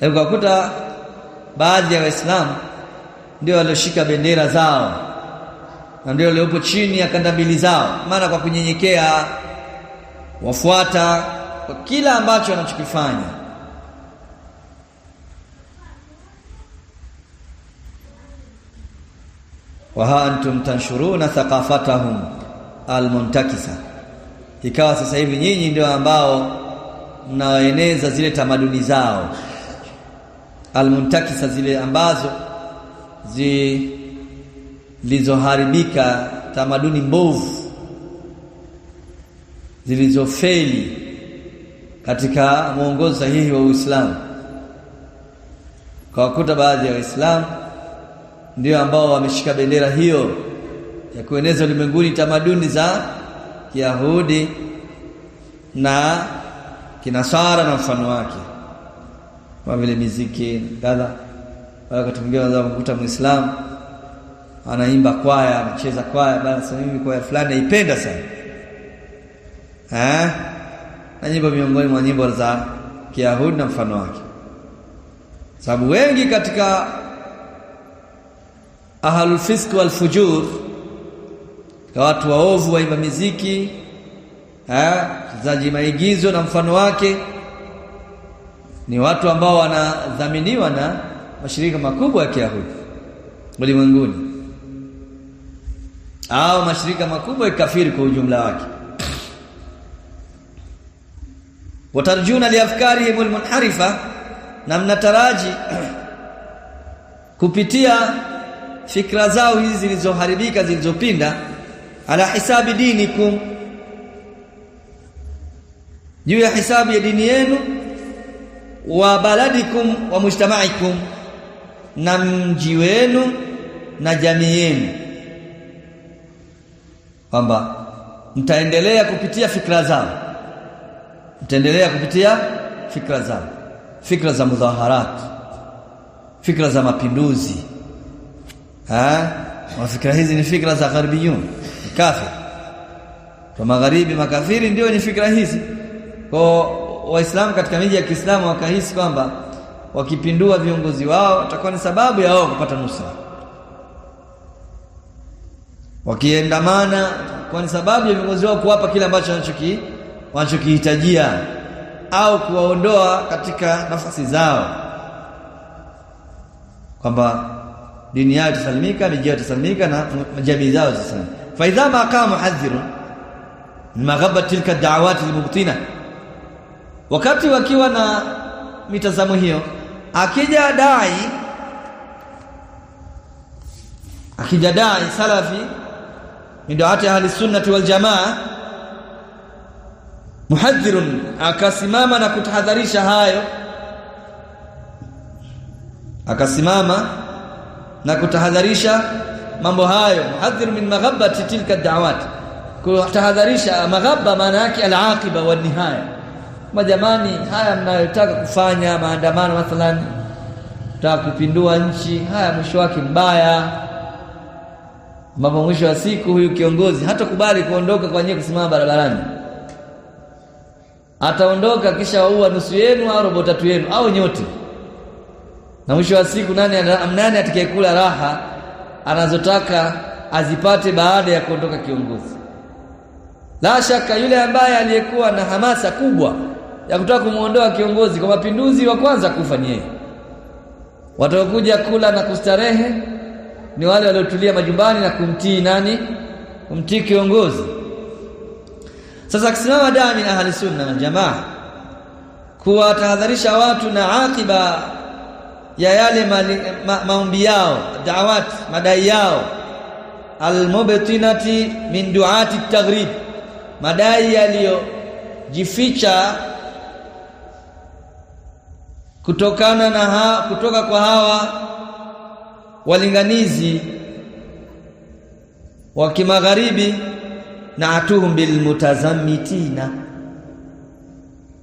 kakuta baadhi ya Waislamu ndio walioshika bendera zao na ndio waliopo chini ya kandambili zao, maana kwa kunyenyekea wafuata kwa kila ambacho wanachokifanya. wa ha antum tanshuruna thaqafatahum almuntakisa, ikawa sasa hivi nyinyi ndio ambao mnaeneza zile tamaduni zao almuntakisa, zile ambazo zilizoharibika, tamaduni mbovu zilizofeli katika mwongozo sahihi wa Uislamu. Kwa wakuta baadhi ya Waislamu ndio ambao wameshika bendera hiyo ya kueneza ulimwenguni tamaduni za Kiyahudi na Kinasara na mfano wake kama vile miziki kadha. Wakati mwingine unaweza kukuta Muislamu anaimba kwaya, anacheza kwaya, basi mimi kwaya fulani naipenda sana eh, na nyimbo miongoni mwa nyimbo za Kiyahudi na mfano wake, sababu wengi katika ahlul fisq wal fujur, watu waovu waimba miziki, eh, wachezaji maigizo na mfano wake ni watu ambao wanadhaminiwa na mashirika makubwa ya Kiyahudi ulimwenguni au mashirika makubwa ya kikafiri kwa ujumla wake. Watarjuna liafkarihim munharifa na mnataraji kupitia fikra zao hizi zilizoharibika zilizopinda, ala hisabi dinikum, juu ya hisabu ya dini yenu wa baladikum wa mujtamaikum, na mji wenu na jamii yenu, kwamba mtaendelea kupitia fikra zao, mtaendelea kupitia fikra zao, fikra za mudhaharati, fikra za mapinduzi ha? Fikra hizi ni fikra za gharibiyun, kafir kwa magharibi, makafiri ndio ni fikra hizi kwa Waislamu katika miji ya Kiislamu wakahisi kwamba wakipindua viongozi wao watakuwa ni sababu ya wao kupata nusra, wakiendamana kwa ni sababu ya viongozi wao kuwapa kile ambacho wanachokihitajia au kuwaondoa katika nafasi zao, kwamba dini yao itasalimika, miji yao itasalimika na jamii zao zitasalimika. faidha idha kama muhadhirun min tilka da'awati al-mubtina Wakati wakiwa na mitazamo hiyo, akija dai akija dai salafi midaati ahli sunnati wal jamaa muhadhirun, akasimama na kutahadharisha hayo, akasimama na kutahadharisha mambo hayo. Muhadhir min maghabati tilka dawat kutahadharisha maghaba, maana yake alaqiba wa nihaya Majamani, haya mnayotaka kufanya maandamano, mathalan taka kupindua nchi, haya mwisho wake mbaya, ambapo mwisho wa siku huyu kiongozi hatakubali kuondoka kwa nyie kusimama barabarani, ataondoka kisha waua nusu yenu au robo tatu yenu au nyote, na mwisho wa siku nani, nani atakayekula raha anazotaka azipate baada ya kuondoka kiongozi? La shaka yule ambaye aliyekuwa na hamasa kubwa ya kutaka kumwondoa kiongozi kwa mapinduzi, wa kwanza kufa ni yeye. Wataokuja kula na kustarehe ni wale waliotulia majumbani na kumtii nani? Kumtii kiongozi. Sasa akisimama dani na ahli sunna na jamaa kuwatahadharisha watu na akiba ya yale ma, maombi yao daawat madai yao almubtinati min duati taghrib, madai yaliyojificha kutokana na ha, kutoka kwa hawa walinganizi wa kimagharibi na atuhum bilmutazamitina,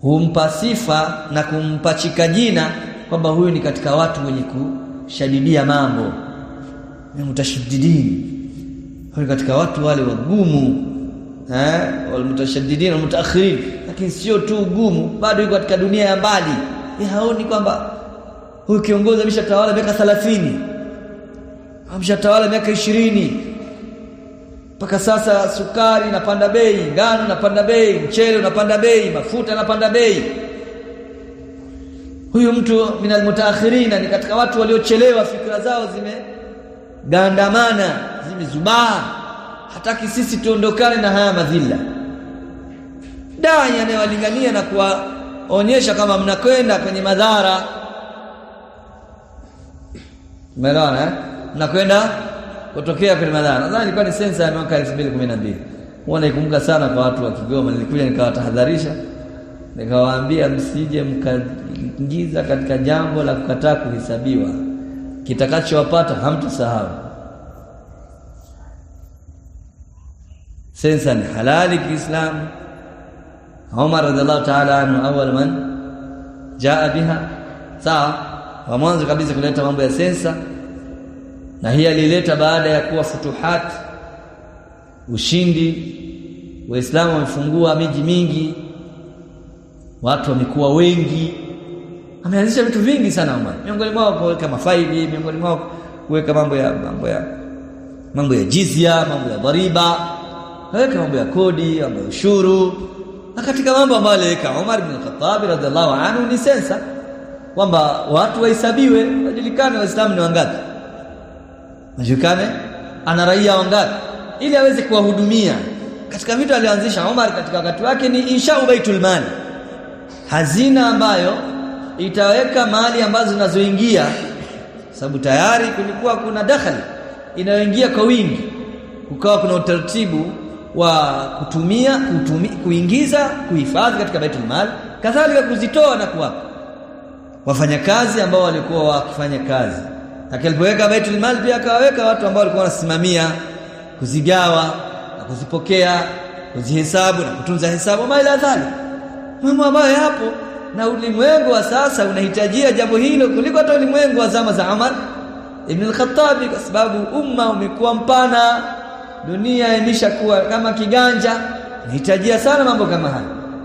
humpa sifa na kumpachika jina kwamba huyu ni katika watu wenye kushadidia mambo, ni mutashadidin, huyu katika watu wale wagumu eh, walmutashadidin Lakini sio tu ugumu, bado yuko katika dunia ya mbali ni haoni kwamba huyu kiongozi ameshatawala miaka 30 ameshatawala miaka ishirini mpaka sasa sukari inapanda bei, ngano inapanda bei, mchele unapanda bei, mafuta yanapanda bei. Huyu mtu min almutaakhirina, ni katika watu waliochelewa, fikra zao zimegandamana, zimezubaa, hataki sisi tuondokane na haya madhila. Dai anayewalingania na kuwa onyesha kama mnakwenda kwenye madhara. Umeelewana eh? Mnakwenda kutokea kwenye madhara. Nadhani ilikuwa ni sensa ya mwaka 2012. Huwa naikumbuka sana kwa watu wa Kigoma, nilikuja nikawatahadharisha, nikawaambia msije mkaingiza katika jambo la kukataa kuhesabiwa, kitakachowapata hamtusahau. Sensa ni halali Kiislamu Umar radhiallahu ta'ala anhu awwal man jaa biha, sawa, wa mwanzo kabisa kuleta mambo ya sensa, na hii alileta baada ya kuwa futuhati, ushindi. Waislamu wamefungua miji mingi, watu wamekuwa wengi, ameanzisha vitu vingi sana Umar, miongoni mwao kuweka mafaidi miongoni mwao kuweka mambo ya mambo ya mambo ya jizia, mambo ya dhariba, weka mambo ya kodi, mambo ya ushuru na katika mambo ambayo aliweka Umar bin Khattab radhiallahu anhu ni sensa, kwamba watu wahesabiwe, wajulikane Waislamu ni wangapi, wajulikane ana raia wangapi, ili aweze kuwahudumia. Katika vitu alioanzisha Umar katika wakati wake ni inshau baitul mali, hazina ambayo itaweka mali ambazo zinazoingia, sababu tayari kulikuwa kuna dakhali inayoingia kwa wingi, kukawa kuna utaratibu wa kutumia, kutumi, kuingiza kuhifadhi katika baitul mal, kadhalika kuzitoa na kuwapa wafanyakazi ambao walikuwa wakifanya kazi. Akalipoweka baitul mal pia akawaweka watu ambao walikuwa wanasimamia kuzigawa na kuzipokea, kuzihesabu na kutunza hesabu, ma ila dhali, mambo ambayo yapo na ulimwengu wa sasa unahitajia jambo hilo kuliko hata ulimwengu wa zama za Umar ibn al-Khattab, kwa sababu umma umekuwa mpana dunia imeshakuwa kama kiganja, nahitajia sana mambo kama haya.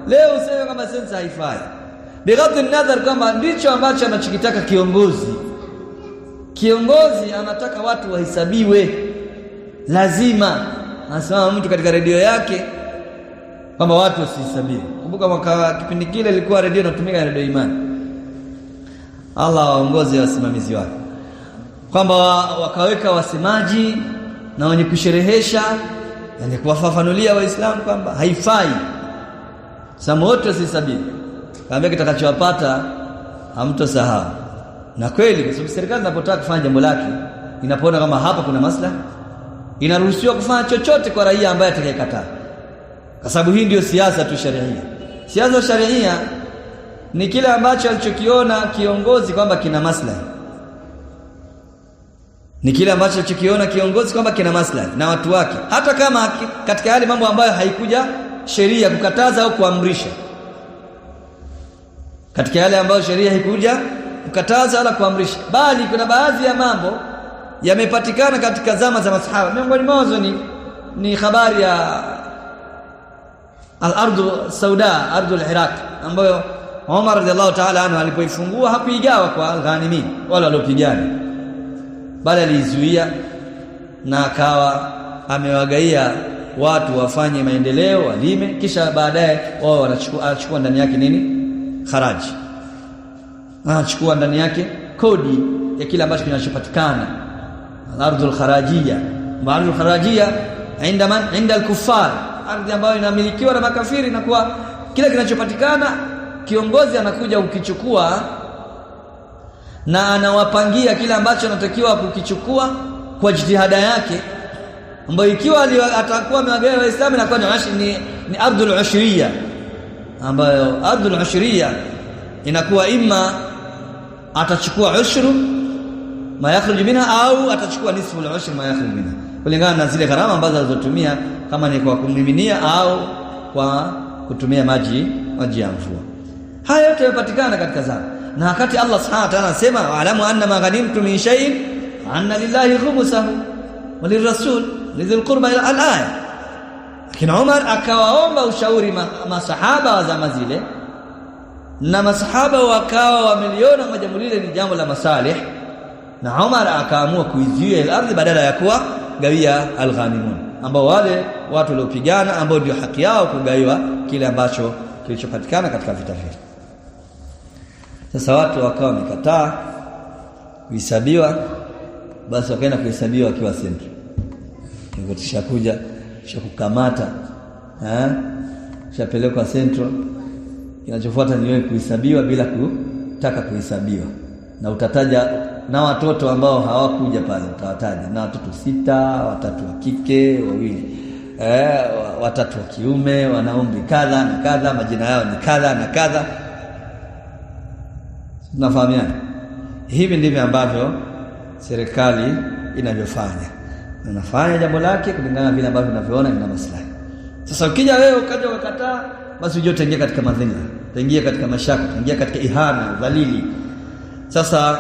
Leo useme kama sensa haifai, bighadhi nadhar kwamba ndicho ambacho anachokitaka kiongozi. Kiongozi anataka watu wahesabiwe, lazima anasimama mtu katika redio yake kwamba watu wasihesabiwe. Kumbuka mwaka kipindi kile ilikuwa redio inatumika, redio Imani. Allah waongoze wasimamizi wake kwamba wakaweka wasemaji na wenye kusherehesha, yani kuwafafanulia Waislamu kwamba haifai samoto si sabini, kaambia kitakachowapata hamtosahau. Na kweli, kwa sababu serikali inapotaka kufanya jambo lake, inapoona kama hapa kuna maslahi, inaruhusiwa kufanya chochote kwa raia ambaye atakayekataa, kwa sababu hii ndio siasa tu sharia. Siasa sharia ni kile ambacho alichokiona kiongozi kwamba kina maslahi ni kile ambacho chokiona kiongozi kwamba kina maslahi na watu wake, hata kama katika yale mambo ambayo haikuja sheria kukataza au kuamrisha, katika yale ambayo sheria haikuja kukataza wala kuamrisha, bali kuna baadhi ya mambo yamepatikana katika zama za masahaba. Miongoni mwazo ni, ni habari ya al-ardu sauda, ardu al-Iraq ambayo Omar radhiallahu ta'ala anhu alipoifungua hakuigawa kwa ghanimin wala waliopigana bali aliizuia na akawa amewagaia watu wafanye maendeleo, walime, kisha baadaye wao wanachukua, anachukua ndani yake nini, haraji, anachukua ndani yake kodi ya kile ambacho kinachopatikana, al-ardhul kharajia. Al-ardhul kharajia inda man inda al-kuffar, ardhi ambayo inamilikiwa na makafiri, na kuwa kila kinachopatikana kiongozi anakuja ukichukua na anawapangia kile ambacho anatakiwa kukichukua kwa jitihada yake ambayo ikiwa atakuwa amewagawa Waislamu inakuwa ni, ni, ni ardhul ushriya ambayo ardhul ushriya inakuwa ima atachukua ushru ma yakhruj minha au atachukua nisfu al-ushr ma yakhruj minha kulingana na zile gharama ambazo alizotumia kama ni kwa kumiminia au kwa kutumia maji maji ya mvua. Haya yote yamepatikana katika zaka na wakati Allah subhanahu wa ta'ala anasema waalamu anna ma ghanimtum min shay'in anna lillahi khumsahu wa lirrasul lidhil qurba ila al-aya. Lakini Umar akawaomba ushauri masahaba wa zama zile, na masahaba wakawa wameliona kwamba jambo lile ni jambo la masalih, na Umar akaamua kuizuia ile ardhi badala ya gawia al-ghanimun, ambao wale watu waliopigana ambao ndio haki yao kugawiwa kile ambacho kilichopatikana katika vita vile. Sasa watu wakawa wamekataa kuhesabiwa, basi wakaenda kuhesabiwa akiwa sentri. Tushakuja, tushakukamata, tushapelekwa sentro. Kinachofuata ni wewe kuhesabiwa bila kutaka kuhesabiwa, na utataja na watoto ambao hawakuja pale, utawataja na watoto sita, watatu wa kike, wawili eh, watatu wa kiume, wanaombi kadha na kadha, majina yao ni kadha na kadha tunafahamiana. Hivi ndivyo ambavyo serikali inavyofanya, inafanya jambo lake kulingana vile ambavyo inavyoona ina maslahi. Sasa ukija wewe ukaja ukakataa, basi ujue utaingia katika madhila, utaingia katika mashaka, utaingia katika ihana, dhalili. Sasa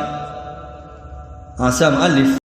anasema alif